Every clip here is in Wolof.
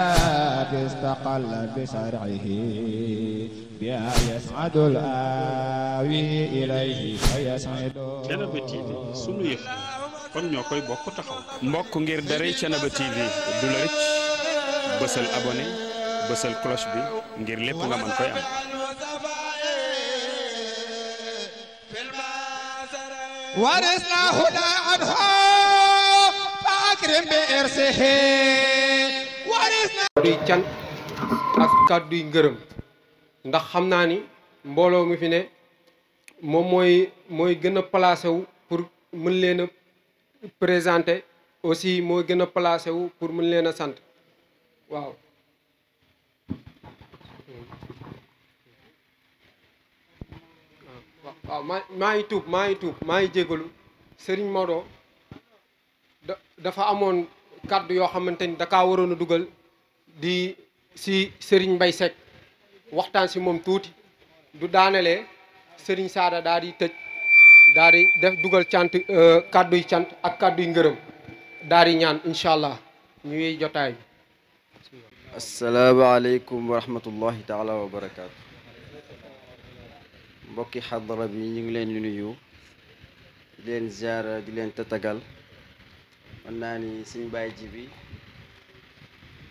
استقل بشرعه بها يسعد الآوي إليه فيسعد Thiénaba TV sunu yëf kon ñoo koy bokk taxaw mbokk ngir daray Thiénaba TV du la rëcc bësal abonné bësal cloche bi ngir lépp nga mën koy am ورثنا هدى عنه فأكرم بإرثه kàddu yi ak kàddu yi ngërëm ndax xam naa ni mbooloo mi fi ne moom mooy mooy gën a placé wu pour mën leen a présenter aussi mooy gën a placé wu pour mën leen a sant waaw waaw maa maa ngi tuub maa ngi tuub maa ngi jégalu Serigne Maodo da dafa amoon kàddu yoo xamante ni dakaa waroon a dugal di si Serigne mbay Seck waxtaan si moom tuuti du daanale Serigne Sada daal di tëj daal def dugal cant euh, kàdduy cant ak kàdduy ngërëm daal di ñaan incha allah ñuy jotaay bi asalaamaaleykum wa rahmatullahi taala wa barakaatu mbokki xadara bi ñu ngi leen di nuyu di leen ziara di leen tatagal mën naa ni suñ ji bi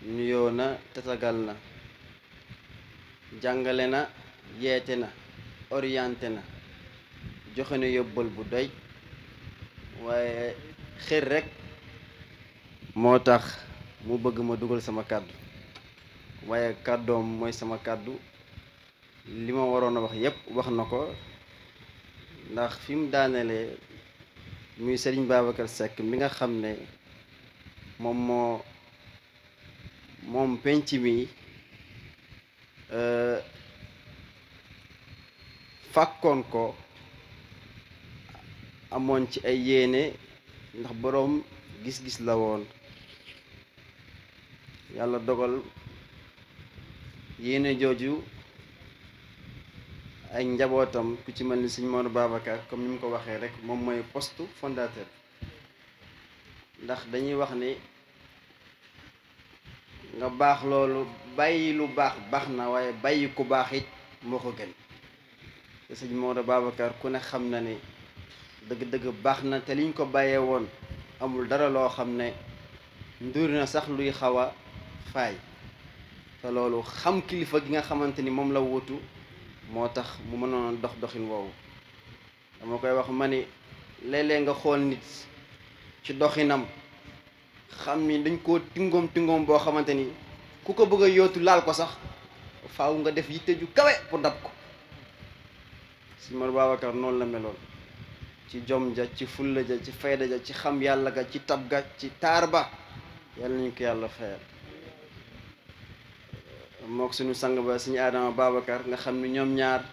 nuyoo na tatagal na jàngale na yeete na orienté na joxe na yóbbal bu doy waaye xër rek moo tax mu bëgg ma dugal sama kàddu waaye kàddoom mooy sama kàddu li ma waroon a wax yépp wax na ko ndax fi mu daanelee muy Serigne Babacar Seck mi nga xam ne moom moo moom pénc mi euh, fàkkoon ko amoon ci ay yéene ndax boroom gis-gis la woon yàlla dogal yéene jooju ay njabootam ku ci mel ni sëñ Mor Babacar comme ni mu ko waxee rek moom mooy poste fondateur ndax dañuy wax ni nga baax loolu bàyyi lu baax baax na waaye bàyyi ku baax it moo ko gën te sëñ Maodo ko ku ne xam na ni dëgg baax na te liñ ko bàyyee woon amul dara loo xam ne nduri na sax luy xaw a faay te loolu xam kilifa gi nga xamante ni moom la wutu moo tax mu mënoon dox doxin woowu dama koy wax ma ni léeg nga xool nit ci doxinam xam ni dañ koo tingoom tingoom boo xamante ni ku ko bëgg a yootu laal ko sax faw nga def yitte ju kawe pour dab ko si Mor Babacar noonu la meloon ci jom ja ci fulla ci fayda ci xam yàlla ga ci tab ga ci taar ba yàlla nañu ko yàlla fayal mook suñu sang ba suñu Adama Babacar nga xam ni ñoom ñaar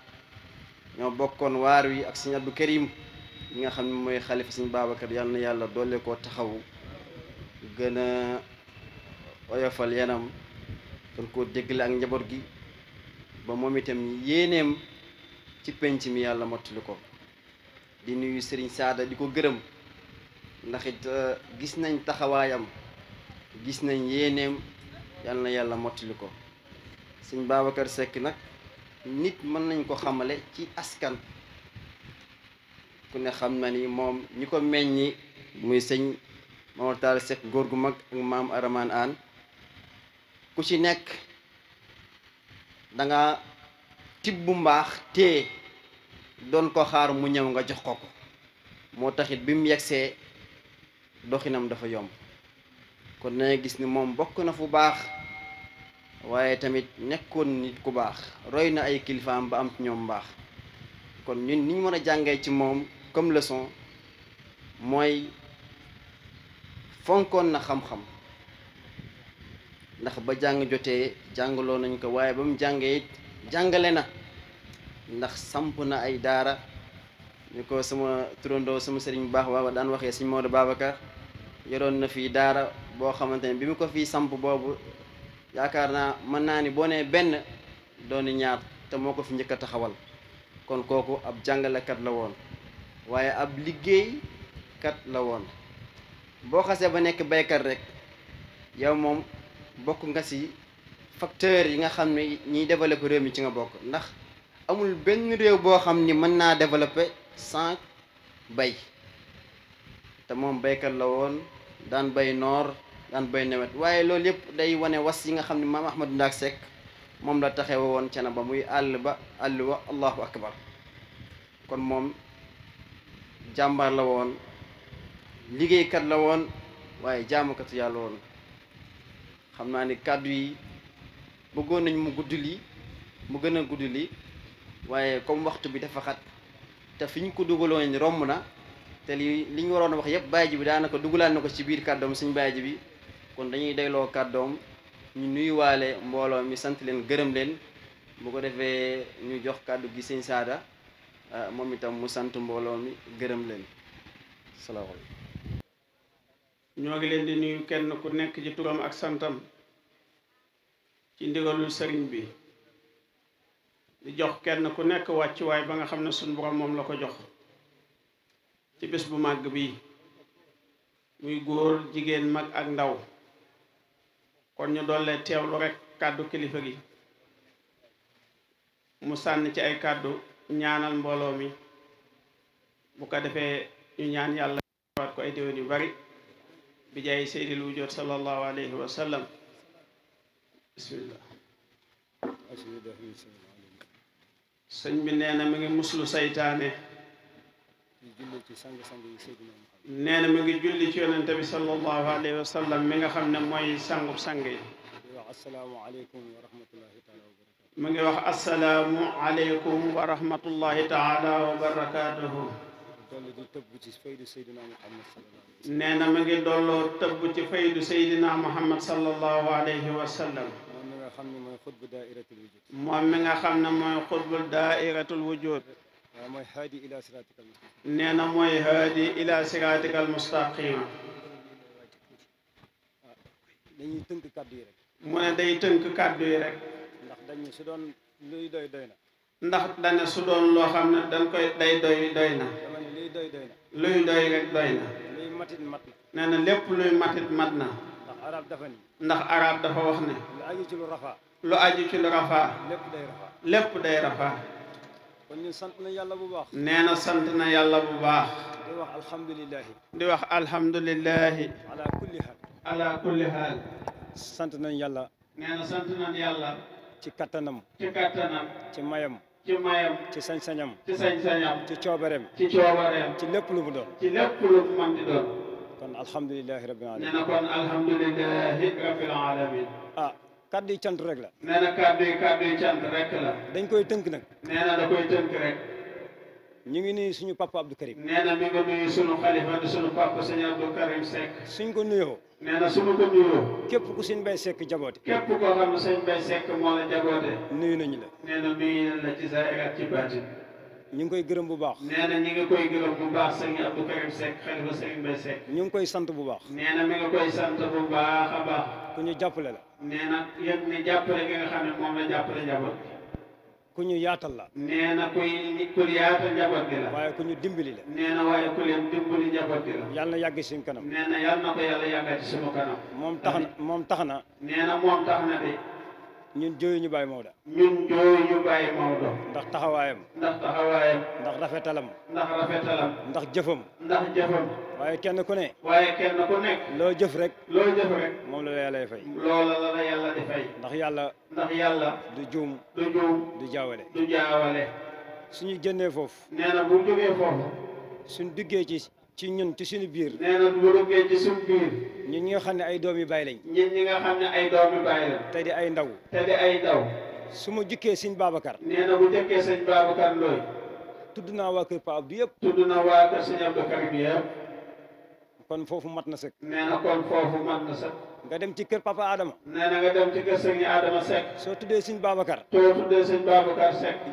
ñoo bokkoon waar wi ak suñu Abdou Karim nga xam ne mooy xalifa suñu Babacar yàlla na yàlla doole koo taxawu gën a oyofal yanam gën koo déggale ak njaboot gi ba moom itam yéeneem ci penc mi yàlla mottali ko di nuyu sëriñ saada di ko gërëm ndaxit euh, gis nañ taxawaayam gis nañ yéeneem yàlla na yàlla mottali ko sëñ Babacar Seck nag nit mën nañ ko xamale ci askan ku ne xam na ni moom ñi ko meññi muy sëñ Momar Talla góor gu mag ak maam Araman Aan ku ci nekk da nga bu mbaax te doon ko xaar mu ñëw nga jox ko ko moo taxit bi mu yegsee doxinam dafa yomb kon danga gis ni moom bokk na fu baax waaye tamit nekkoon nit ku baax roy na ay kilifaam ba am ñoom baax kon ñun niñ mën a jàngee ci moom comme leçon mooy fonkoon na xam-xam ndax ba jàng jotee jàngaloo nañ ko waaye ba mu jàngee jàngale na ndax samp na ay daara ni ko sama turandoo sama sëriñ baax waaba daan waxee sëñ Maodo Babacar yoroon na fii daara boo xamante ne bi mu ko fii samp boobu yaakaar naa mën naa ni boo nee benn dooni ñaar te moo ko fi njëkk a taxawal kon kooku ab jàngalekat la woon waaye ab liggéeykat la woon boo xasee ba nekk baykat rek yow moom bokk nga si facteur yi nga xam ne ñiy développé réew mi ci nga bokk ndax amul benn réew boo xam ni mën naa développé sans bay te moom baykat la woon daan bay noor daan bay nawet waaye loolu yëpp day wane was yi nga xam ni maam Ahmadou Ndaak Seck moom la taxew woon cana ba muy àll ba àll wa allahu akbar kon moom jàmbaar la woon liggéeykat la woon waaye jaamukatu yàlla woon xam naa ni kàddu yi bëggoon nañ mu gudd li mu gën a gudd li waaye comme waxtu bi dafa xat te fi ñu ko dugaloon romb na te li li ñu waroon a wax yëpp bàyyi bi daanaka dugalaan na ko ci biir kàddoom suñ bàyyi bi kon dañuy dayloo kàddoom ñu nuyuwaale mbooloo mi sant leen gërëm leen bu ko defee ñu jox kàddu gi sëñ Saada moom itam mu sant mbooloo mi gërëm leen salaamaaleykum ñoo ngi leen di nuyu kenn ku nekk ci turam ak santam ci ndigalul sëriñ bi di jox kenn ku nekk wàccuwaay ba nga xam ne suñu borom moom la ko jox ci bés bu màgg bi muy góor jigéen mag ak ndaw kon ñu doole teewlu rekk kàddu kilifa gi mu sànn ci ay kàddu ñaanal mbooloo mi bu ko defee ñu ñaan yàlla waat ko ay déwén yu bari bi jaay seydil wujud sallallahu alayhi wa sallam bismillah sëñ bi nee na mi ngi muslu saytaane nee na mi ngi julli ci yonente bi sallallahu alayhi wa sallam mi nga xam ne mooy sangub sang yi mi ngi wax asalaamu aleykum wa rahmatullahi taala wa dolli di tëbb ci faydu Seydina Muhammad nee na ma ngi dolloo tëbb ci faydu Seydina Muhammad sallallahu alayhi wa sallam. moom mi nga xam ne mooy xutbu daairatul wujud. moom mi nga xam ne mooy xutbu daairatul wujud. waaw mooy haadi ila siraatikal mustaqim. nee na mooy haadi ila siraatikal mustaqim. Ah, dañuy tënk kàddu yi rek. mu ne day tënk kàddu yi rek. ndax dañu su doon luy doy doy na. ndax dane su doon loo xam ne dañ koy day doy doy na luy doy rek doy na nee na lépp luy matit mat na ndax arab dafa wax ne lu aju ci lu rafaa lépp day rafaa kon ñun sant na yàlla bu baax nee na sant na yàlla bu baax di wax alhamdulilahi di wax alhamdulilahi ala kulli haal ala kulli haal sant nañ yàlla nee na sant nañ yàlla ci kattanam ci kattanam ci mayam ci mayam ci sañ-sañam ci sañ ci coobareem ci coobareem lépp lu mu doon ci lépp man di doon kon alhamdulilahi rabbil alamin nee na kon ah, rek la nee na kàddu yi rek la dañ koy tënk nag nee da koy tënk rek ñu ngi nuyu suñu papa Abdou Karim nee na mi ngi nuyu suñu suñu papa sëñ suñ ko nuyoo nee na su ma ko képp ku sëñ Mbay Sekk jaboote. képp koo xam ne sëñ Mbay Sekk moo la jaboote. nuyu nañu la. nee na nuyu la ci saa ak ci baatin. ñu ngi koy gërëm bu baax. nee ñi ngi koy gërëm bu baax sëñ Abdou Karim ñu ngi koy sant bu baax. nee na mi ngi koy sant bu baax a baax. ku ñu jàppale la. nee na yéen ni jàppale gi nga xam moom la jàppale njaboot. ku ñu yaatal la nee na kuy kul yaatal njaboot gi la waaye ku ñu dimbali la nee waaye ku leen dimbali njaboot gi la yàlla na yàgg suñ kanam nee na na ko yàlla yàggati suñu kanam moom tax na moom tax na nee moom tax na de ñun jooyuñu Baye Maodo. ñun jooyuñu Baye Maodo. ndax taxawaayam. ndax taxawaayam. ndax rafetalam. ndax rafetalam. ndax jëfam. ndax jëfam. waaye kenn ku ne. waaye kenn ku nekk. loo jëf rek. loo jëf rek. moom la la yàlla fay. loola la yàlla di fay. ndax yàlla. ndax yàlla. du juum. du juum. du jaawale. du jaawale. suñu jënnee foofu. nee na bu jógee foofu. suñu ci. ci ñun ci suñu biir. nee na ñi nga xam ne ay doom yu bàyyi lañ. ñun ñi nga xam ne ay doom yu bàyyi lañ. te di ay ndaw. te di ay ndaw. su ma jëkkee sëñ Babacar. nee na bu jëkkee sëñ Babacar naa waa kër Pape bi yëpp. kon foofu mat na sëkk. nee na kon foofu mat na sëkk. nga dem ci kër papa Adama. nee na nga dem ci kër sëñ Adama Seck. soo tuddee sëñ Babacar. soo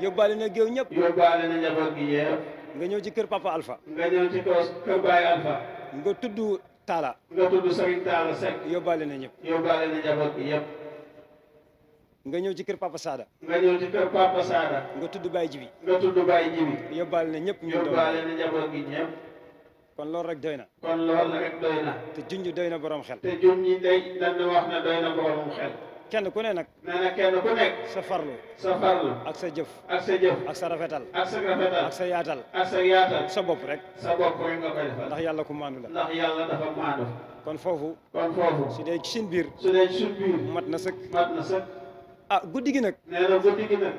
yóbbaale na géew ñëpp. yóbbaale na njaboot gi yëpp. nga ñëw ci kër papa Alpha. nga ñëw ci kër Baye Alpha. nga tudd Talla. nga tudd Serigne Talla Seck. yóbbaale na ñëpp. yóbbaale na njaboot bi yëpp. nga ñëw ci kër Papa Sada. nga ñëw ci kër Papa Sada. nga tudd Baye Jibi. nga tudd Baye Jibi. yóbbaale na ñëpp ñu doon yóbbaale na njaboot gi ñëpp. kon loolu rek doy na. kon loolu rek doy na. te junj doy na borom xel. te junj day dañ wax ne doy na borom xel. kenn ku ne nag. kenn ku nekk. sa farlu. ak sa jëf. ak sa rafetal. ak sa yaatal. sa bopp rek. sa bopp rek nga koy defal. ndax yàlla ku maandu la. ndax yàlla dafa maandu. kon foofu. kon su dee ci su dee ci mat na sëkk. mat na sëkk. ah guddi gi nag. nee na guddi gi nag.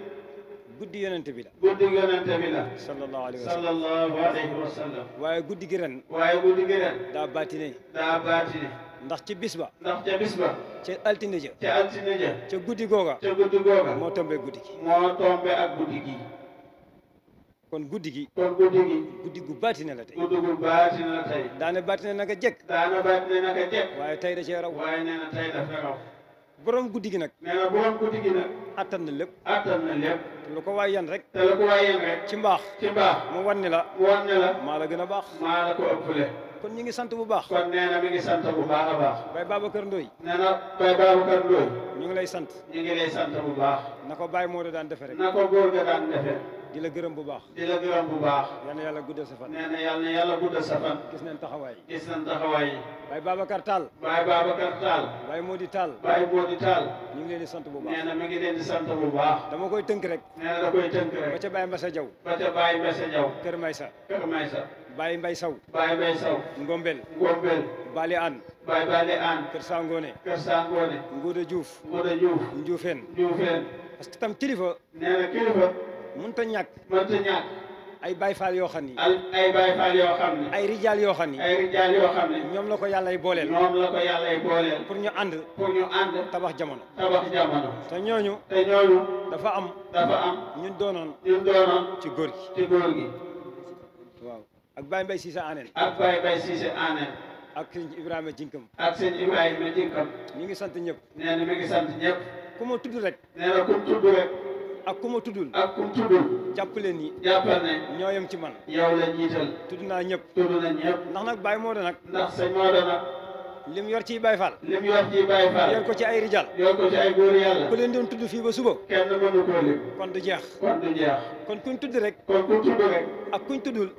ndax ci bis ba ndax ca bis ba altine guddi googa ca guddi googa moo tombe guddi gi moo tombe ak guddi gi kon guddi gi guddi gu baatina la tey guddi gu baatina tey daana tey da cee borom guddi gi nag nee na guddi gi nag attan na lépp attan na ko waay yan rek ci mbaax ci mu wan ni la mu wan ni la gën a baax maa la ko ëppale kon ñu ngi sant bu baax. kon nee mi ngi sant bu baax a baax. Baye kar Ndoye. nee ñu ngi lay sant. ñu ngi lay bu baax. na ko Baye Modou daan defe na ko góor di la gërëm bu baax. di bu baax. yal na yàlla guddal sa fan. na yal na yàlla guddal gis nañ taxawaay. gis nañ Babacar Tall. Baye Babacar Tall. Baye Modou Tall. Baye Modou Tall. ñu ngi leen di sant bu baax. nee na mi ngi leen sant bu baax. dama koy tënk rek. nee da koy tënk rek. ba ca Baye Mbassa Diaw. ba ca Baye Mbassa Diaw. Kër Maysa. Kër Baye Mbaye Sow Baye Mbaye Sow Ngombel Ngombel Bale An Baye Bale An Kër Sangone Kër Sangone parce que tam kilifa nee na kilifa mënut a ñàkk mënut a ñàkk ay Baye Fall yoo xam ni ay yoo xam ni rijaal yoo xam ni ñoom la ko yàllay booleel ñoom la pour ñu ànd pour ñu ànd tabax jamono tabax jamono te ñooñu te ñooñu dafa am dafa am ñun doonoon ci góor gi ci góor gi ak Baye Mbaye Cissé Anen. ak Baye Ibrahima Jinkam. ak sëñ Ibrahima Jinkam. ñu ngi sant ñëpp. nee na mi ngi sant ñëpp. ku rek. nee na ku mu ak ku ma ak ku mu tuddul. ni. jàppal ne. ñoo yem ci man. yow la naa ñëpp. tudd na ñëpp. ndax nag Baye Maodo nag. ndax sëñ lim yor ciy Baay Faal lim yor ciy Baay yor ko ci ay rijal yor ko ci ay góor yàlla ku leen doon tudd fii ba suba kenn mënu koo lim kon du jeex kon kuñ tudd rek ak kuñ tuddul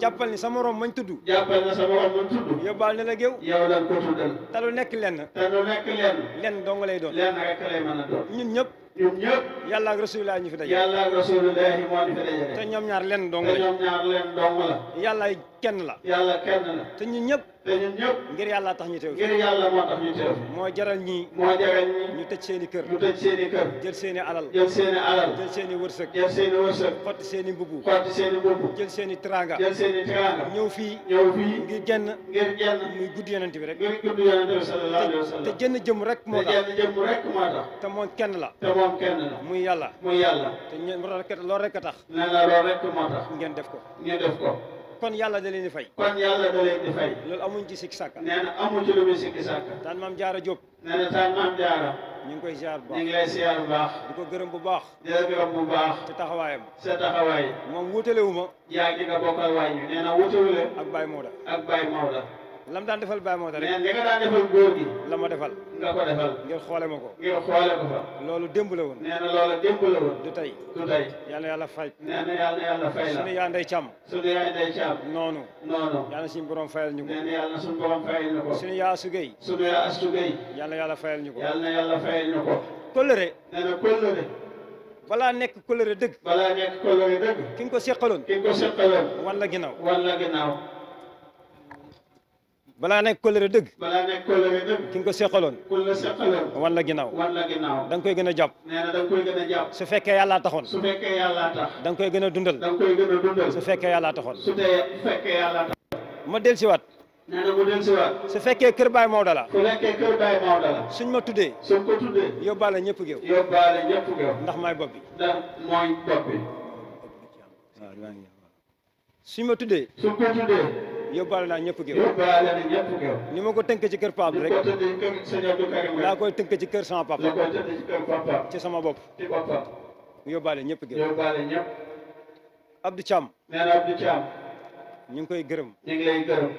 jàppal ni sa morom mañ tudd jàppal na sa morom mañ tudd yóbbaal na la géew yow lan ko tuddal te lu nekk lenn te lu nekk lenn lenn dong lay doon a ñun ñëpp ñun ñëpp yàlla ak ñu fi daje yàlla ak rasulullah moo ñu fi daje te ñoom ñaar lenn dong la te ñoom kenn la te ñun ñëpp te ñun ñëpp. ngir yàlla tax ñu teew ngir yàlla moo tax ñu teew moo jaral ñii moo jaral ñii ñu tëj seeni kër ñu tëj seen i alal jël seen alal jël seen wërsëg jël seen wërsëg xotti seen i mbubu xotti seen jël seen i teraanga ñëw fii ñëw fii ngir genn ngir genn muy guddi yonent bi rek ngir guddi te jënn jëm rek moo tax te moo moom kenn la te moom kenn la muy yàlla muy yàlla te loolu rek a tax nee na loolu rek moo tax ngeen def ko ngeen def ko kon yàlla da leen di fay kon yàlla da loolu amuñ ci sikki sàkka nee na amuñ ci taan maam jaara Jóob nee taan maam jaara ñu ngi koy ziar bu baax ñu baax di ko gërëm bu baax di la bu baax te taxawaayam sa taxawaay moom wuutale wu ma yaa ngi nga bokkal waay ñu nee na ak Baye Maodo lam daan defal Baye Maodo rek nee na defal góor gi la ma defal nga ko defal ngir xoole ma ko ngir xoole ko fa loolu démb la woon nee loolu démb la woon du tey yal na yàlla fay nee na yal na yàlla fay la ñu ko nee na yal yaa sugay yal na yàlla fayal ñu ko yal kóllëre nee kóllëre balaa nekk kóllëre dëgg balaa ko seqaloon ki ko seqaloon wan la ginnaaw wan balaa nekk kóllëre dëgg ko seqaloon ku la koy gën a jàpp fekkee yàllaa taxoon su koy gën a dundal da yàllaa taxoon su dee fekkee yàllaa tax ma del kër Baay Maodo la suñ ma tuddee suñ ko tuddee yóbbaale ñëpp géew ndax maay bopp suñ ma tuddee suñ ko tuddee yóbbaale naa ñëpp géew yóbbaale na ñëpp géew ni ma ko tënk ci kër Pape rek laa koy tënk ci kër sama papa ci sama bopp mu yóbbaale ñëpp géew yóbbaale ñëpp Abdou Thiam nee na Abdou Thiam ñu ngi koy gërëm ñu ngi lay gërëm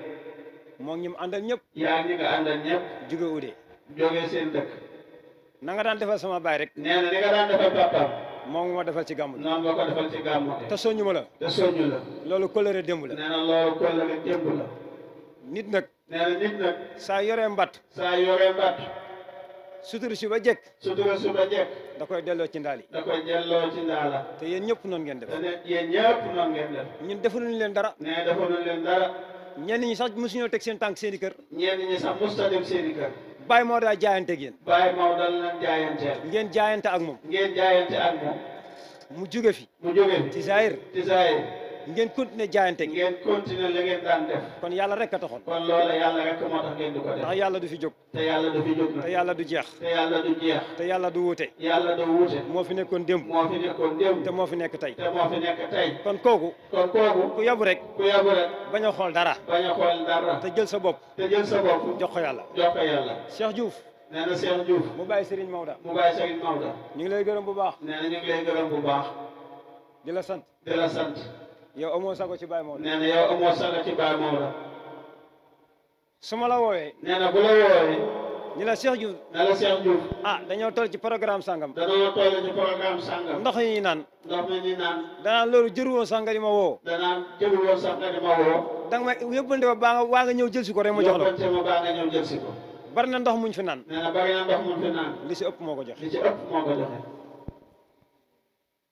moo ngi ñi mu àndal ñëpp yaa ngi nga àndal ñëpp jóge na nga daan defal sama baay rek moom ma defal ci gàmmu gi. moom moo ko defal ci gàmmu gi. te soññu ma la. te soññu la. loolu kóllëre démb la. nee na loolu kóllëre démb la. nit nag. nee nit nag. saa yore mbatt. saa yoree si ba jekk. sutur si ba jekk. da koy delloo ci ndaal yi. da koy delloo te yéen ñëpp noonu ngeen def. te ne yéen def. ñun leen dara. nee defaluñu leen dara. ñenn ñi sax mosuñoo teg seen tànk seen i kër. ñenn ñi sax mosut a seen i kër. Baye Mor daal jaayante ak yéen. Baye Mor daal ngeen jaayante ak moom. ngeen jaayante ak moom. mu jóge fi. mu jóge ngeen continuer jaayante gi ngeen continuer la daan def kon yàlla rek a taxoon kon loola yàlla rek moo tax ngeen di ko def du fi jóg te yàlla du fi jóg te yàlla du jeex te yàlla du jeex te yàlla du wuute yàlla du moo fi nekkoon démb moo fi te moo fi nekk tey te moo fi nekk tey kon kooku kon kooku ku yabu rek ku yabu rek bañ xool dara bañ a xool dara te jël sa bopp te jël sa bopp jox yàlla jox ko yàlla Cheikh Diouf nee na Cheikh Diouf mu bàyyi Serigne Maodo ñu ngi lay gërëm bu baax nee na gërëm bu baax sant di la yow amoo sago ci baay Maodo. nee na amoo sago su ma la wooyee. nee na bu la la Cheikh Diouf. ne ah, dañoo tol ci programme sangam. dañoo toll ci programme sangam. ndox yi ñuy naan. ndox mi ñuy danaa loolu jëruwoo sax nga di ma woo. danaa jëruwoo sax nga di ma woo. danga ba baa ñëw jël si ko rek ma jox la. yóbbante baa nga ñëw jël si ko. bari na ndox muñ fi naan. nee na na ndox muñ fi naan. li si ëpp moo ko joxe.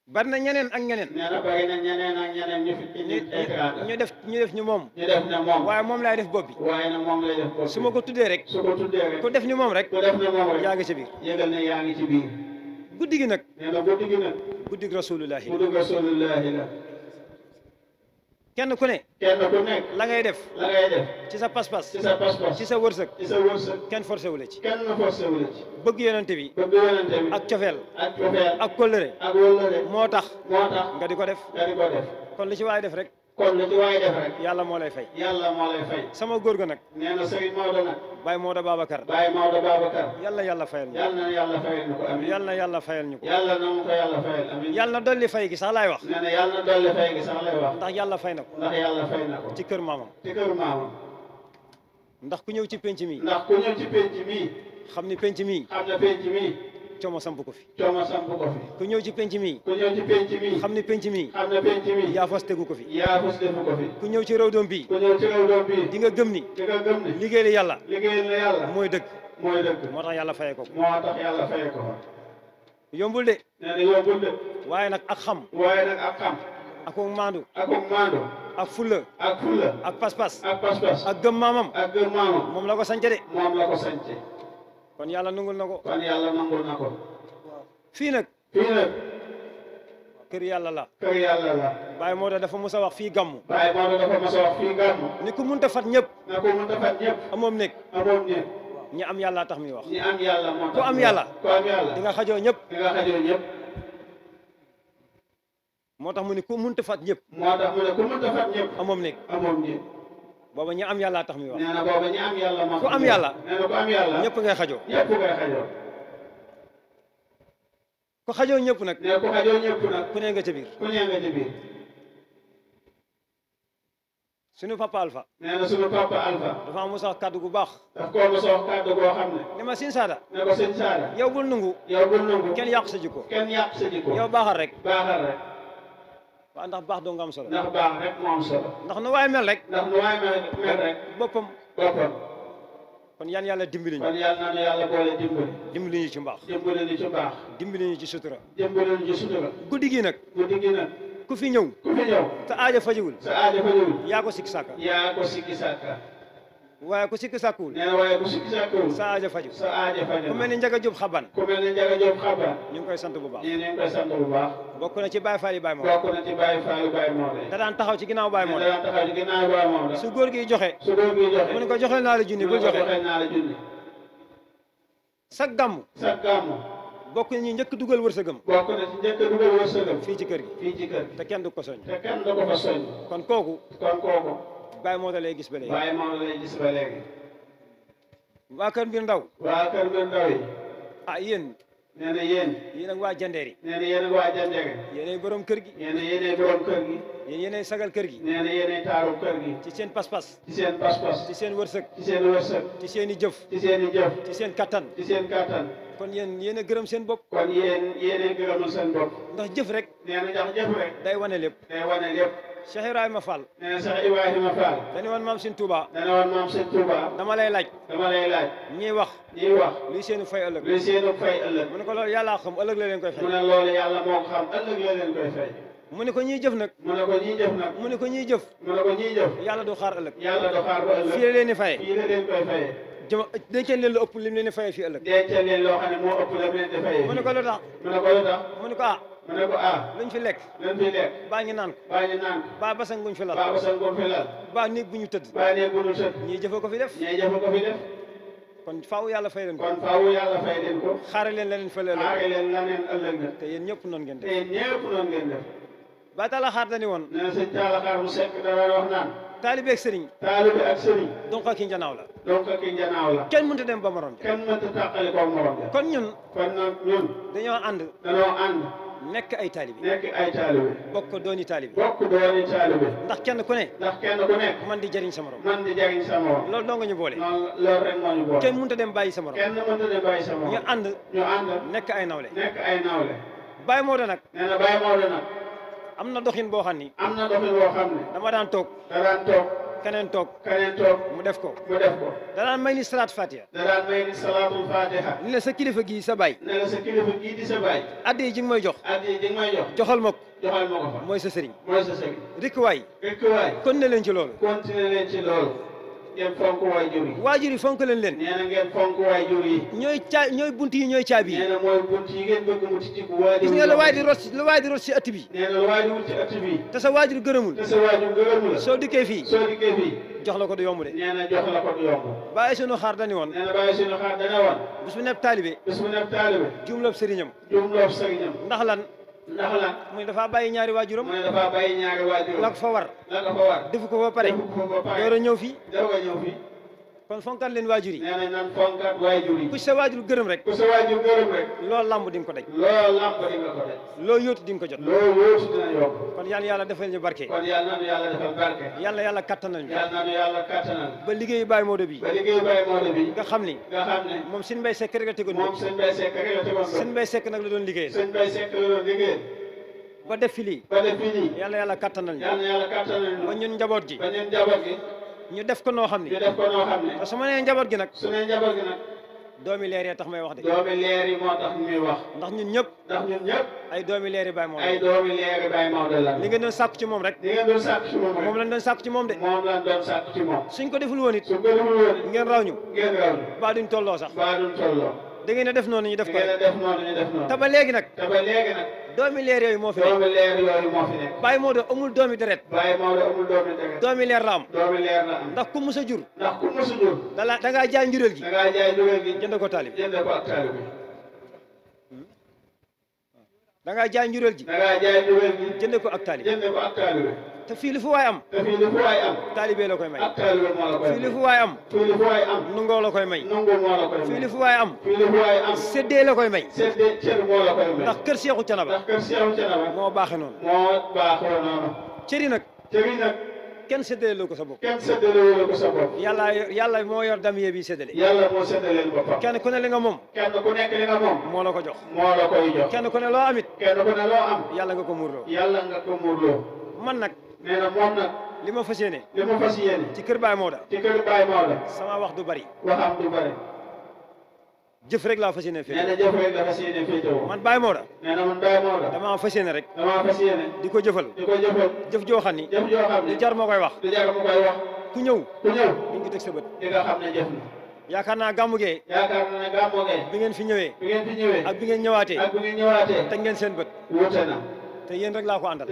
bari na ñeneen ak ñeneen. nee na bari na ñeneen ak ñeneen ñu fi def ñu def ñu moom. ñu def ne moom. waaye moom laay def bopp bi. waaye na moom lay def bopp bi su ma ko tuddee rek. su ko tuddee def ñu moom rek. ku def na moom rek yaa ngi ci biir. yëgal na yaa ngi ci biir. guddi gi nag. nee na guddi gi la. kenn ku ne. la ngay def. ci sa pas-pas. ci sa pas-pas. ci sa wërsëg. ci kenn forcé wu ci. kenn forcé wu la ci. bëgg yonente bi. ak cofeel. ak cofeel. moo tax. moo tax nga di ko def. kon li ci def rek. kon lu ci waaye def rek yàlla moo lay fay yàlla sama góor ga nag nee na Sëriñ Maodo nag Baye Maodo Babacar Baye Maodo Babacar yàlla yàlla fayal yàlla na yàlla fayal ñu ko amiin yàlla yàlla fayal ko yàlla na mu ko yàlla fayal amiin yàlla fay gi sax laay wax na yàlla dolli fay gi sax laay wax ndax yàlla fay na ko ndax yàlla fay na ko ci kër maamam ndax ku ñëw ci penc mi ndax ku ñëw ci penc mi xam ni penc mi Como samp ko fi. Como samp ko fi. ku ñëw ci penc mi. ku ñëw ci penc mi. xam ne penc mi. xam ne penc mi. yaa fas tegu ko fi. yaa fas tegu ko fi. ku ñëw ci réew doom bi. ku ñëw ci réew doom bi. di nga gëm ni. di nga gëm mooy dëgg. mooy dëgg. moo tax yàlla fa ko. moo ko. yombul de. nee yombul de. waaye nag ak xam. waaye nag ak xam. ak maandu. ak gëm maamam. moom la ko sànce de. moom la ko sànce. kon yàlla nangul na ko. fii nag. fii nag. kër yàlla la. kër yàlla la. dafa mos a wax fii gàmmu. Baye Maodo dafa mos a wax fii gàmmu. ni ku fat ñëpp. ne ku mënta fat ñëpp. amoom nekk. am yàlla tax muy wax. ñi am yàlla moo tax am yàlla. ku am yàlla di xajoo ñëpp. moo tax mu ne ku mënta fat ñëpp. moo tax mu ne ku mënta fat ñëpp. amoom nekk. amoom nekk. booba ñi am yàlla tax mi wax. nee na booba ñi am yàlla ma. ku am yàlla. nee na ku am yàlla. ñëpp ngay ku xajoo ñëpp nag. nee ku xajoo ñëpp nag. ku ne nga ca biir. ku ne nga ca biir. suñu papa Alpha. nee na suñu papa Alpha. dafa am sax gu baax. da koo mos a wax kàddu ne. ma Sëñ ne ko Sëñ Saada. bul nungu. yow bul nungu. kenn yàq sa jikko. kenn yàq sa jikko. rek. waaw ndax baax doo nga am solo ndax nu waay mel rek ndax nu waay mel rek boppam boppam kon yan yàlla dimbali ñu kon yàlla nañu yàlla boole dimbali ci mbaax dimbali ñu ci mbaax dimbali ñu ci sutura dimbali ñu ci sutura guddi gi nag guddi gi nag ku fi ñëw ku fi ñëw te aaja fajiwul te aaja fajiwul yaa ko sikki sàkka waaye ku sikki sàkkuwul nee sa aajo faju sa aajo ni Njaga Jóob xaban ku Njaga Jóob xaban ñu ngi koy sant bu baax nee na koy sant bu baax bokk na ci Baye Fall yi Baye Mor taxaw ci ginnaaw Baye Mor da su góor gi joxe su góor gi joxe mu ne ko joxeel naa la junni sa gàmm sa gàmm bokk na ñi njëkk dugal wërsëgam bokk na ci njëkk dugal wërsëgam fii ci kër gi te kenn du ko soñ te kenn du ko soñ kon kooku kon kooku Baye Maodo lay gis ba léegi. Baye Maodo lay gis ba léegi. waa Kër Mbir Ndaw. waa Kër Mbir Ndaw yi. ah yéen. nee na yéen. yéen ak waa jandeer yi. nee na yéen ak waa jandeer yi. yéenay borom kër gi. nee na yéenay borom kër gi. yéen yéenay sagal kër gi. nee na yéenay taaru kër gi. ci seen pas-pas. ci seen pas-pas. ci seen wërsëg. ci seen wërsëg. ci seen i jëf. ci seen i jëf. ci seen kattan. ci seen kattan. kon yéen yéen a gërëm seen bopp kon yéen a gërëm seen bopp ndax jëf rek nee na jëf rek day wane lépp day wane lépp Cheikh Ibrahima Fall nee na Cheikh Ibrahima Fall dañu woon maam maam seen Touba dama lay laaj dama lay laaj wax ñiy wax luy seenu fay ëllëg luy seenu fay ëllëg mu ko lool yàllaa yàlla moo ko xam ëllëg la leen koy fay mu ne ko ñiy jëf nag mu ne ko ñiy jëf nag mu ne ko ñiy jëf mu ne ko ñiy jëf yàlla du xaar ëllëg yàlla du xaar ba ëllëg fii la leen di fayee fii la leen jama dencee leen lu ëpp lim leen di fayee fii ëllëg dencee leen loo xam ne ëpp lim leen di fayee mu ne ko lu mu ne ko lu mu ne ko ah mu ne ko ah luñ fi lekk baa ñu naan baa ñu naan ko baa basan guñ fi lal baa basan guñ tëdd ñu tëdd ko fi def ñii jëfe ko fi def kon faaw yàlla fay ko kon faaw yàlla fay leen ko xaare leen leneen fële ëllëg xaare leen leneen ëllëg te yéen ñëpp noon ngeen def te yéen taala xaar dani woon nee na sëñ taala xaar mu sekk dara wax naan taalibe ak sëriñ taalibe ak sëriñ donc ak i njanaaw la donc ak i njanaaw la kenn mënta dem ba morom ja kenn mënta tàqale ko morom ja kon ñun kon nag ñun dañoo ànd dañoo ànd nekk ay taalibe nekk ay taalibe bokk dooni taalibe bokk dooni taalibe ndax kenn ku ne ndax kenn ku ne man di jëriñ sa morom man di jëriñ sa morom loolu doo nga ñu boole loolu rek moo ñu boole kenn mënta dem bàyyi sa morom kenn mënta dem bàyyi sa morom ñu ànd ñu ànd nekk ay nawle nekk ay nawle Baye Maodo nag nee na Baye Maodo nag am na doxin boo xam ni. am na doxin boo xam ni. dama daan toog. da daan toog. keneen toog. mu def ko. mu def ko. da daan may ni salaat fatiha. da daan may ni salaatul fatiha. ni sa kilifa gii sa baay. ne sa kilifa gii di sa baay. addi yi ji nga jox. addi yi ji nga jox. joxal ma ko. joxal ma mooy sa sëriñ. mooy sa leen ci loolu. continué leen ci loolu. ngeen fonk waajur yi. waajur yi fonk leen leen. nee yi. ñooy caabi yi. mooy bunt yi ngeen bëgg mu tijji bu waajur. gis nga rot si ëtt bi. nee sa waajur gërëmul. te sa gërëmul la. soo dikkee ko du yomb de. nee na xaar dani woon. nee na taalibe. bis mu nekk taalibe. jumloob sëriñam. jumloob sëriñam. ndax ndax lan muy dafa bàyyi ñaari waajuram mu ne dafa bàyyi ñaari waajuram la ko fa war la ko fa war defu ko ba pare door a ñëw fii door a ñëw fii kon fonkaat leen waajur yi nee na nan fonkaat waajur sa waajur gërëm rek ku sa waajur gërëm rek loolu làmb di nga ko daj loo làmb di ko daj loolu yóotu di ko jot loolu yóotu dina yàlla yàlla defal ñu barke kon yàlla nanu yàlla yàlla yàlla kattanal ñu ba liggéey Baye Modou bi nga xam ni moom sin mbay sekk rek la tegoon mbay sekk nag la doon liggéeyal sin mbay sekk ba def lii ba def yàlla yàlla kattanal ñu yàlla ba ñun njaboot gi gi ñu def ko noo xam ne su ma nee njaboot gi nag su nee njaboot gi nag doomi leer yi tax may wax de doomi leer yi moo tax muy wax ndax ñu ñëpp ndax ñun ñëpp ay doomi leer yi Baye Maodo ay doomi leer yi Baye la li ngeen doon ci moom rek li ngeen doon sàkk ci moom moom lañ doon ci moom de moom lañ doon sàkk ci moom suñ ko deful woon it ko deful woon ngeen raw ñu ngeen raw duñ tolloo sax baa duñ tolloo da ngeen a def noon ñu def def noonu ñu léegi nag doomi leer yooyu moo fi nekk doomi moo fi amul doomi deret doomi leer la am doomi leer la am ndax ku mus a jur ndax ku jaay njuréel gi da ngaa ko taalib jënd ko ak taalib da ngaa jaay njuréel gi da ngaa ko ak taalib te fii li fu am. te la koy may. ak taalibe koy may. fii li am. fii la koy may. nungoo moo am. fii la koy may. séddee cër moo la koy kër Seexu Canaba. ndax kër Seexu Canaba. moo baaxee noonu. moo baaxoo noonu. cëri nag. cëri nag. kenn séddale ko sa bopp. kenn séddale ko sa bopp. yàlla yàlla moo yor damier bi séddale. yàlla moo séddale boppam. kenn ku ne li nga ku nekk li nga moom. moo la ko jox. moo la koy jox. kenn ku ne amit. kenn ku ne am. yàlla nga ko muurloo. yàlla nga ko muurloo. man nag. nee moom nag. li ma fas yéene. li ma fas yéene. ci kër Baye Maodo. ci kër Baye Maodo. sama wax du bari. waxam du bari. jëf rek laa fas yéene fii. man Baye Maodo. nee na rek. di ko jëfal. jëf joo jëf joo ni. jar moo koy wax. du jar moo koy wax. ku ñëw. ku ñëw. di nga sa bët. di nga xam jëf na. yaakaar naa gàmmu gee. bi ngeen fi ñëwee. bi ngeen fi ñëwee. ak bi ngeen ñëwaatee. ak ngeen seen bët. wuute na. te yéen rek laa ko àndal.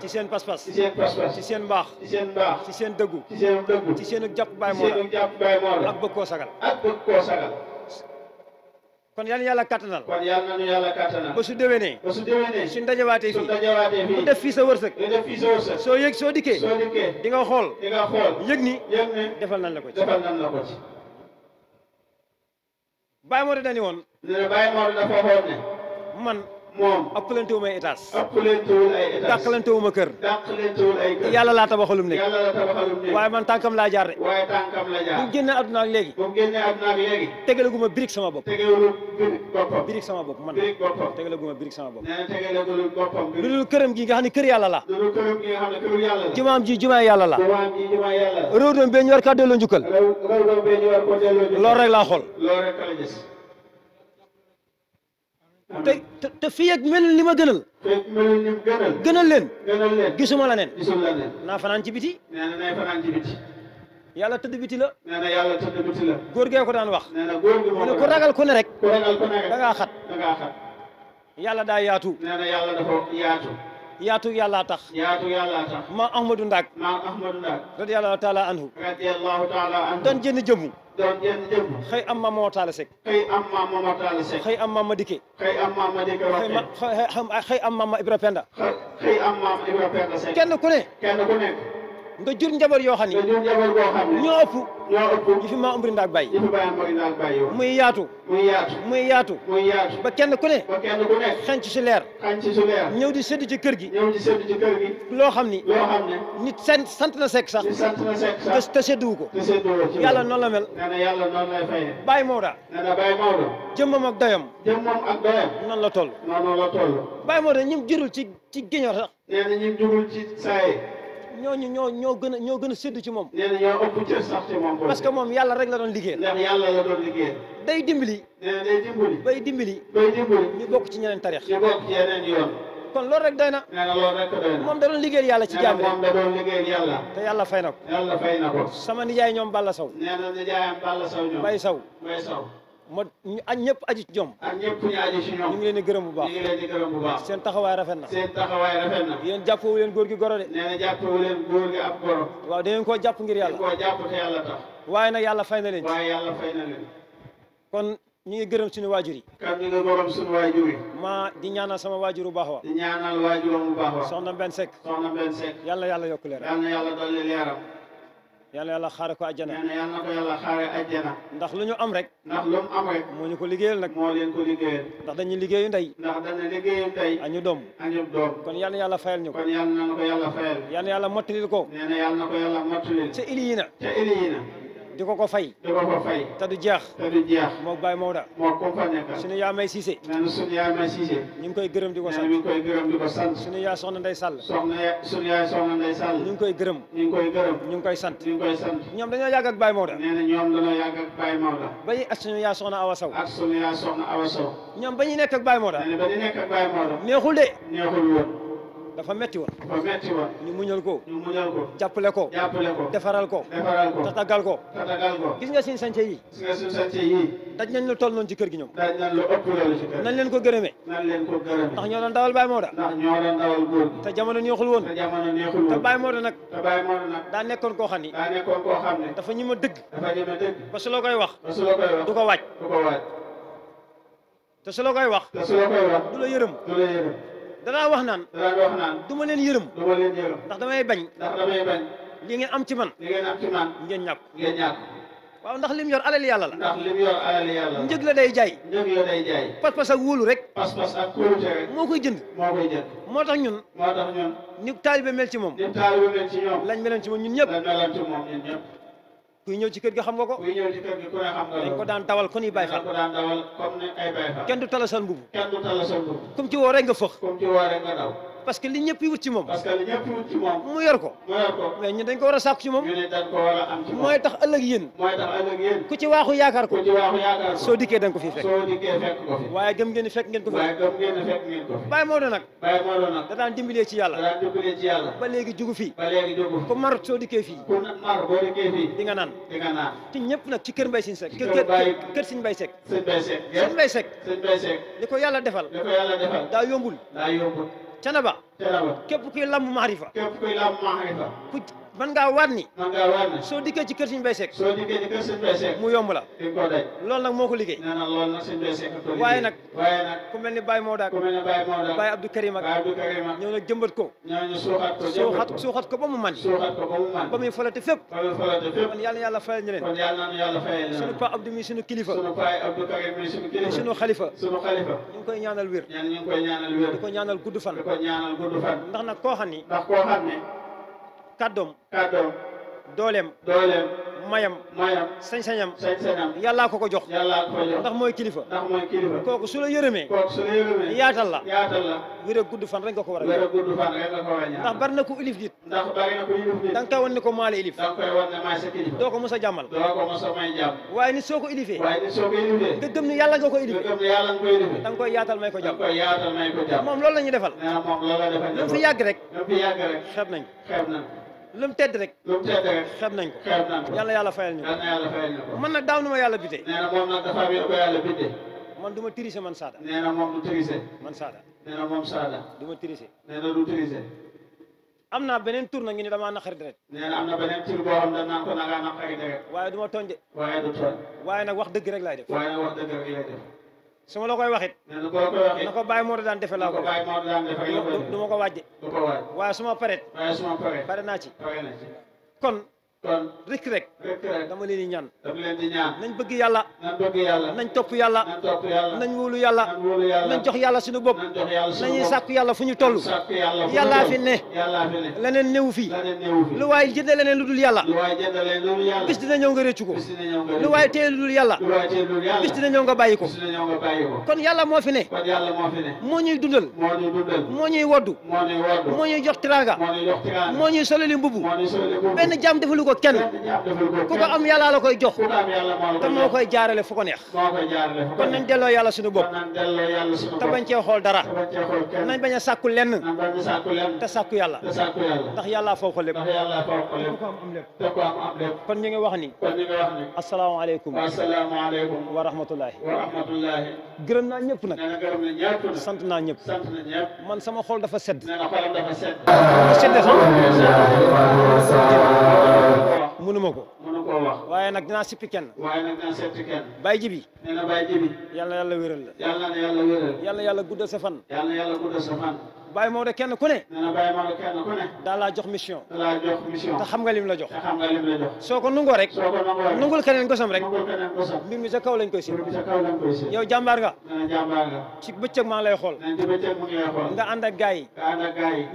ci seen pas-pas. ci seen seen mbaax. ci seen mbaax ci seen dëggu. ci seen dëggu seen jàpp baay moo la ci seen jàpp baay moo la. ak bëgg koo sagal. ak bëgg koo sagal. kon yal na yàlla kattanal. kon nu yàlla kattanal. ba su déwénee. ba su déwénee. suñ fii. suñ dajawaatee fii. ku def fii sa wërsëg. ku def soo yëg soo dikkee. soo di nga xool. di nga xool yëg ni. defal nañ la ko ci. defal nañ la ko dafa xool ne. man. moom ëppalante wu ma ay étage ëppalante ay étage dàqalante wu ma kër dàqalante wul ay kër yàlla laa tabaxalum nekk laa tabaxalum nekk waaye man tànkam laa jaar de waaye tànkam la jaar bu mu ma birig sama bopp tegalagu sama bopp man birig boppam ma birig sama bopp nee na gi nga kër yàlla la lu yàlla la la jumaam te te fii ak mel ni ma gënal. fii ak mel ni ma gënal. gënal leen. gënal leen gisuma la nen. gisuma la nen naa fanaan ci biti. nee na nay fanaan ci biti. yàlla tëdd biti la. nee na yàlla tëdd biti la. góor gee ko daan wax. nee na góor gi moo ko ku ragal ku ne rek. ku ragal ku ne rek da ngaa xat. da ngaa xat. yàlla daa yaatu. nee na yàlla dafa yaatu. yaatu yàllaa tax. yaatu yàllaa tax. ma Ahmadou Ndak. ma Ahmadou Ndak. radiyallahu taala anhu. radiyallahu taala anhu. daan jënd jëmu. doon jenn jëmm xëy am ma moo sek xëy am ma moo sek xëy am ma ma xëy am ma ma dikke xëy am ma ma xëy am ma Ibra kenn ku ne nga jur njaboot yoo xam ne. nga jur njaboot yoo xam ne. ñoo ëpp. ñoo ëpp ba kenn ku ne. ba kenn ku ne. xanc si leer. xanc si leer. ñëw di sédd ci kër gi. ñëw di sédd ci kër gi. loo xam ni. loo xam ne. nit sant sant na sekk sax. nit sant na sekk sax. te te sédduwu ko. te sédduwu ko yàlla noonu la mel. nee na yàlla noonu lay fayee. Baye Maodo. nee na jurul ci ci sax. nee na ñi jurul ci saaye ñoo ñoo gën a ñoo gën a séddu ci moom. nee na ñoo ëpp cër sax ci moom. parce que moom yàlla rek la doon liggéeyal. ndax day dimbali. nee day dimbali. bay dimbali. bay ñu bokk ci ñeneen tarix. ñu bokk kon loolu rek doy moom da doon liggéeyal yàlla ci jaam bi. moom da doon liggéeyal yàlla. te yàlla fay na ko. sama nijaay ñoom Balla Sow. nee na nijaayam Balla Sow ñoom. Mbaye Sow. ma ñu aji ci ñoom. ak ñëpp ñu aji ci ñoom. ñu ngi leen gërëm bu baax ñu ngi leen gërëm bu baax. seen taxawaay rafet na. seen taxawaay rafet na. yéen jàppewu leen góor gi goro de. nee na jàppewu góor gi ab goro. waaw dangeen koo jàpp ngir yàlla. koo jàpp yàlla tax. waaye nag yàlla fay na leen. yàlla fay na leen. kon ñu ngi gërëm suñu waajur yi. kan ñu ngi gërëm suñu waajur yi. ma di ñaanal sama waajur bu baax wa. di ñaanal waajuram bu baax wa. soxna Mbène Seck. yàlla yàlla yokk leeram. yàlla yàlla dolli yàlla yàlla xaare ko àjjana nee na yàlla ko yàlla xaare àjjana ndax lu ñu am rek ndax lu mu am rek moo ñu ko liggéeyal nag moo leen ko liggéeyal ndax dañu liggéeyu ndey ndax liggéeyu ndey añu doom añu doom kon yàlla yàlla ñu ko kon yàlla na ko yàlla fayal yàlla yàlla mottalil ko nee na ko ca ili ca ili di ko ko fay di ko ko fay te du jeex te du jeex moo Baye Maodo moo ko fa nekk suñu yaa may Cissé neen suñu yaa may Cissé ñu ngi koy gërëm di ko sant ñu ngi koy gërëm di ko sant suñu yaa soxna Ndeye Sall soxna suñu yaa soxna Ndeye Sall ñu ngi koy gërëm ñu ngi koy gërëm ñu ngi koy sant ñu ngi koy sant ñoom dañoo yàgg ak Baye Maodo nee na ñoom dañoo yàgg ak Baye Maodo ba ñu ak suñu yaa soxna Awa Sow ak suñu yaa soxna Awa Sow ñoom ba ñuy nekk ak Baye Maodo nee na ba ñu nekk ak Baye Maodo neexul de neexul woon dafa metti woon dafa ñu muñal ko ñu muñal ko jàppale ko jàppale ko defaral ko defaral ko gis nga suñu sànce yi gis nga suñu toll noonu ci kër gi ñoom daj nañ lu ëpp loolu leen ko gërëmee nañ leen ko gërëmee ndax ñoo jamono neexul woon te jamono neexul woon te Baye Maodo nag te nekkoon koo xam ni nekkoon koo xam ne dafa ñima dëgg dafa ñima dëgg ba su la koy wax du ko waaj du koy wax te du la yërëm danaa wax naan. danaa wax naan. du ma leen yërëm. du ma leen damay bañ. ndax damay bañ. li am ci man. li ngeen am ci man. ngeen ñàkk. ngeen ñàkk. waaw ndax lim yor alal yàlla la. ndax lim yor alal yàlla la. njëg la day jaay. njëg la day jaay. pas-pas ak wóolu rek. pas-pas ak kóolute rek. moo koy jënd. moo moo tax ñun. moo tax ñun. ni taalibe mel ci moom. ni taalibe mel ci moom ñun ñëpp. lañ meloon ci moom ñun kuy ñëw ci kër gi xam nga ko kuy ñëw ci kër gi ku ne xam nga ko daan dawal kon yi Baay Faal dañ ko daan dawal ni ay Baay kenn du tala mbubu kenn du tala mbubu comme ci woo nga fëx comme ci woo nga daw parce que li ñëpp wut ci moom. parce que li mu yor ko. mu yor ko mais ñun dañ ko war a ci moom. ñu ne dañ ko a am ci moom mooy tax ëllëg yéen. ku ci waaxu yaakaar ko. ku ci soo dikkee da nga ko fi fekk. soo dikkee fekk ko fi. waaye gëm ngeen fekk ngeen ko fi. waaye ko fi. Baye nag. Baye Maodo nag. da daan dimbalee ci yàlla. da ba léegi jugu fii. ba léegi jugu fii. ku mar soo dikkee fii. ku mar nga naan. di nga naan. ci ñëpp nag ci kër Mbaye Sine Seck. ci kër Baye kër Sine Mbaye Seck. Sine li ko yàlla defal. daa yombul. canaba. canaba képp kuy lamb maarifa. képp kuy lamb maarifa. ku man ngaa waat ni soo dikkee ci kër Serigne Mbaye Seck soo dikkee mu yomb la di ko daj nag moo ko liggéey nee nag Serigne Mbaye Seck ko liggéey waaye nag waaye ku mel ni Baye Maodo ku mel ni ñëw nag jëmbat ko ñëw suuxat ko suuxat ba mu man suuxat ba muy folate fépp ba muy folate fépp yàlla na yàlla fayal ñu leen kon yàlla na yàlla fayal ñu suñu mi suñu kilifa mi suñu xalifa sunu xalifa ñu koy ñaanal wér ñu ngi koy ñaanal gudd fan ndax nag koo ni kàddoom kàddoom dooleem dooleem mayam mayam sañ yàllaa ko ko jox ndax mooy kilifa ndax mooy kilifa kooku su la yërëmee kooku su la yërëmee yaatal la yaatal gudd fan rek nga ko war a wér ak gudd fan rek nga ko war a ndax bari na ko ilif nit ndax bari na ilif nit da nga koy ne ko maa la ilif da nga doo ko mos a jàmmal doo ko waaye nit soo ko ilifee nga gëm ne yàlla nga ko ilifee nga gëm ne yàlla nga ko ilifee da nga koy yaatal may ko jàmm da nga koy moom loolu la ñuy defal moom loolu lu tedd rek. lu tedd rek xeeb nañ ko. xeeb yàlla yàlla man na daaw nu ma yàlla bite. nee na moom nag dafa am ko bite. man du ma tricher man Sada. nee moom du tricher. man Sada. nee na moom Sada. du ma tirise nee du tricher. am naa beneen tur na ngi ne damaa naqari deret. nee na am na beneen tur boo xam ne naan ko nangaa naqari deret. waaye du ma tooñ de. waaye nag wax dëgg rek laay def. waaye su ma la koy waxit na ko bàyyi moo daan defe laa ko du ma ko wàjje waaye su ma paret pare naa ci kon kon rek rek dama leen di ñaan dama leen di ñaan nañ bëgg yàlla nañ bëgg yàlla nañ topp yàlla nañ topp yàlla nañ wóolu yàlla nañ jox yàlla suñu bopp nañuy sàkku yàlla fu ñu toll yàllaa fi ne leneen néew fii lu waaye jënde leneen lu dul yàlla bis dina ñëw nga réccu ko lu waaye téye lu dul yàlla bis dina ñëw nga bàyyi ko kon yàlla moo fi ne moo ñuy dundal moo ñuy woddu moo ñuy jox tiraanga moo ñuy solali mbubu benn jaam defalu ko kenn ku ko am yàlla la koy jox te moo koy jaarale fu ko neex kon nañ delloo yàlla suñu bopp te bañ cee xool dara nañ bañ a sàkku lenn te sàkku yàlla ndax yàlla foofu lépp te ko am lépp kon ñu ngi wax ni asalaamaaleykum wa rahmatulahi gërëm naa ñëpp nag sant naa ñëpp man sama xol dafa sedd dafa sedd munu ko munu waaye nag dinaa sippi kenn waaye nag dinaa setti Jibi nee na Baye Jibi yàlla yàlla wéral la yàlla na yàlla wéral yàlla yàlla guddal sa Baye moom kenn kenn ku ne. daa laa jox mission. daa xam nga lim la jox. te xam nga lim la jox. soo ko nungoo rek. nungul keneen gosam rek. mbir mi sa kaw lañ koy si. mbir mi sa si. ci bëccëg maa ngi lay xool. nee na nga ànd ak gars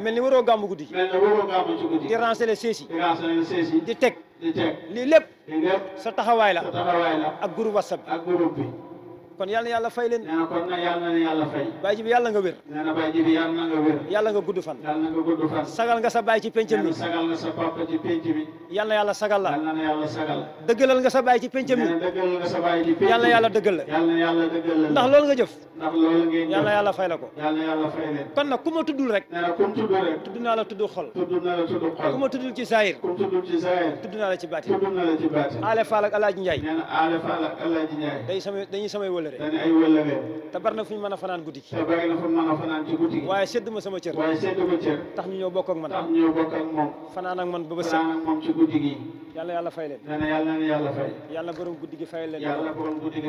mel ni waroo gàmmu guddi. mel ni waroo gàmmu ci di ranceler seesi. di di teg. di teg lii lépp. sa taxawaay la. sa taxawaay ak groupe WhatsApp kon yàlla na yàlla fay leen nee na kon nag yàlla bi yàlla nga wér nee na bàyyi ji bi yàlla na nga gudd fan sagal nga sa bàyyi ci penc mi sagal sa papa ci penc mi yàlla yàlla sagal la yàlla na yàlla sagal dëggalal nga sa bàyyi ci penc mi dëggalal nga sa yàlla na la yàlla na yàlla ndax loolu nga jëf ndax loolu nga jëf yàlla na yàlla fay la ko kon ma tuddul rek na ku tuddul rek tudd la tudd xol tudd ma tuddul ci saayir ku ma tuddul ci saayir tudd naa la ci baati tudd naa la ci baati na aale samay wële wëllëre dañ ay wëllëre te bari na fu ñu man a fanaan guddi gi a fanaan ci guddi gi waaye sedd ma sama cër waaye sedd ma cër tax ñu ñëw bokk ak man tax ñëw bokk moom fanaan man ba ba sedd ak moom guddi gi yàlla yàlla fay leen nee na yàlla na yàlla fay yàlla borom guddi gi fay leen yàlla borom guddi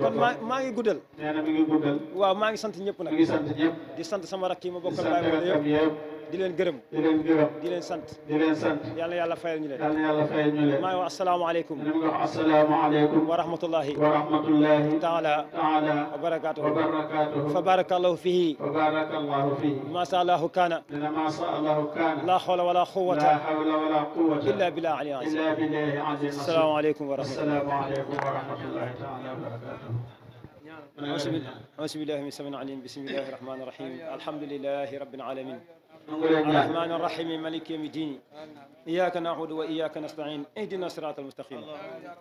kon maa maa ngi guddal nee na mi ngi guddal waaw maa ngi sant ñëpp nag mi ngi sant ñëpp di sant sama rakk yi ma bokkal baay yëpp di leen gërëm di leen gërëm di leen sant di leen sant yàlla yàlla fayal ñu leen yàlla yàlla fayal ñu leen maa ngi wax asalaamaaleykum li mu wax asalaamaaleykum wa rahmatullahi wa rahmatullahi taala taala wa barakaatuhu wa barakaatuhu fa barakallahu fihi fa barakallahu fihi ma sha allahu kaana dina ma sha allahu kaana la hawla wala quwwata la hawla wala quwwata illa billahi aliyyil azim illa billahi aliyyil azim asalaamaaleykum wa rahmatullahi asalaamaaleykum wa rahmatullahi taala wa barakaatuhu أعوذ بالله من السميع العليم بسم الله الرحمن الرحيم الحمد لله رب العالمين الرحمن الرحيم مالك يوم الدين إياك نعبد وإياك نستعين اهدنا الصراط المستقيم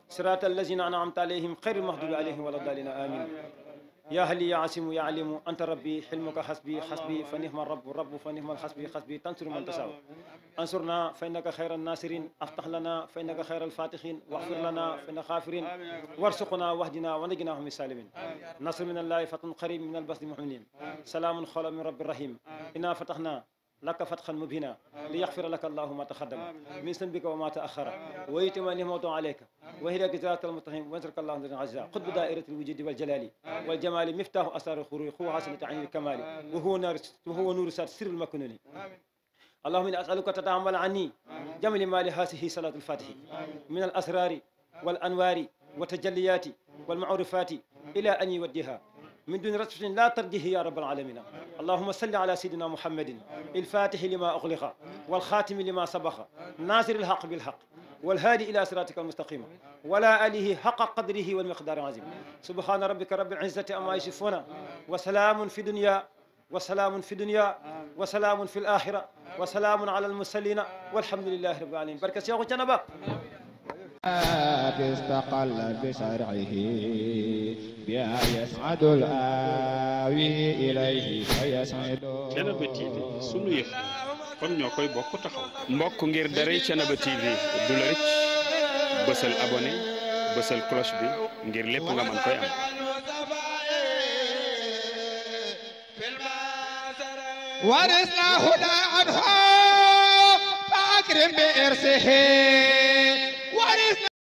صراط الذين أنعمت عليهم خير المغضوب عليهم ولا الضالين آمين يا هل يا عاصم يا علم أنت ربي حلمك حسبي حسبي فنعم الرب الرب فنعم الحسبي حسبي تنصر من تشاء انصرنا فإنك خير الناصرين افتح لنا فإنك خير الفاتحين واغفر لنا فإنك غافرين وارزقنا واهدنا ونجنا من السالمين نصر من الله فتن قريب من البسط المؤمنين سلام خلا من رب الرحيم إنا فتحنا لك فتحا مبينا ليغفر لك الله ما تقدم من ذنبك وما تاخر ويتم نعمته عليك وهداك جزاك المتهم وانصرك الله نصرا عزا خذ بدائرة الوجود والجلال والجمال مفتاح اسرار الخروج هو حسنة عين الكمال وهو نار وهو نور سر المكنون اللهم اني اسالك تتعامل عني جمل ما لهذه صلاه الفاتح من الاسرار والانوار والتجليات والمعروفات الى ان يوديها من دون رسول لا ترجه يا رب العالمين اللهم صل على سيدنا محمد الفاتح لما أغلق والخاتم لما سبق ناصر الحق بالحق والهادي إلى صراطك المستقيم ولا آله حق قدره والمقدار العظيم سبحان ربك رب العزة أما يصفون وسلام في دنيا وسلام في دنيا وسلام في الآخرة وسلام على المرسلين والحمد لله رب العالمين بركة يا أخو استقل بشرعه بها يسعد الآوي إليه فيسعد Thiénaba TV sunu yëf kon ñoo koy bokk taxaw mbokk ngir daray Thiénaba TV du la rëcc bësal abonné bësal cloche bi ngir lépp nga mën koy am ورثنا هدى عنه فأكرم بإرثه Paris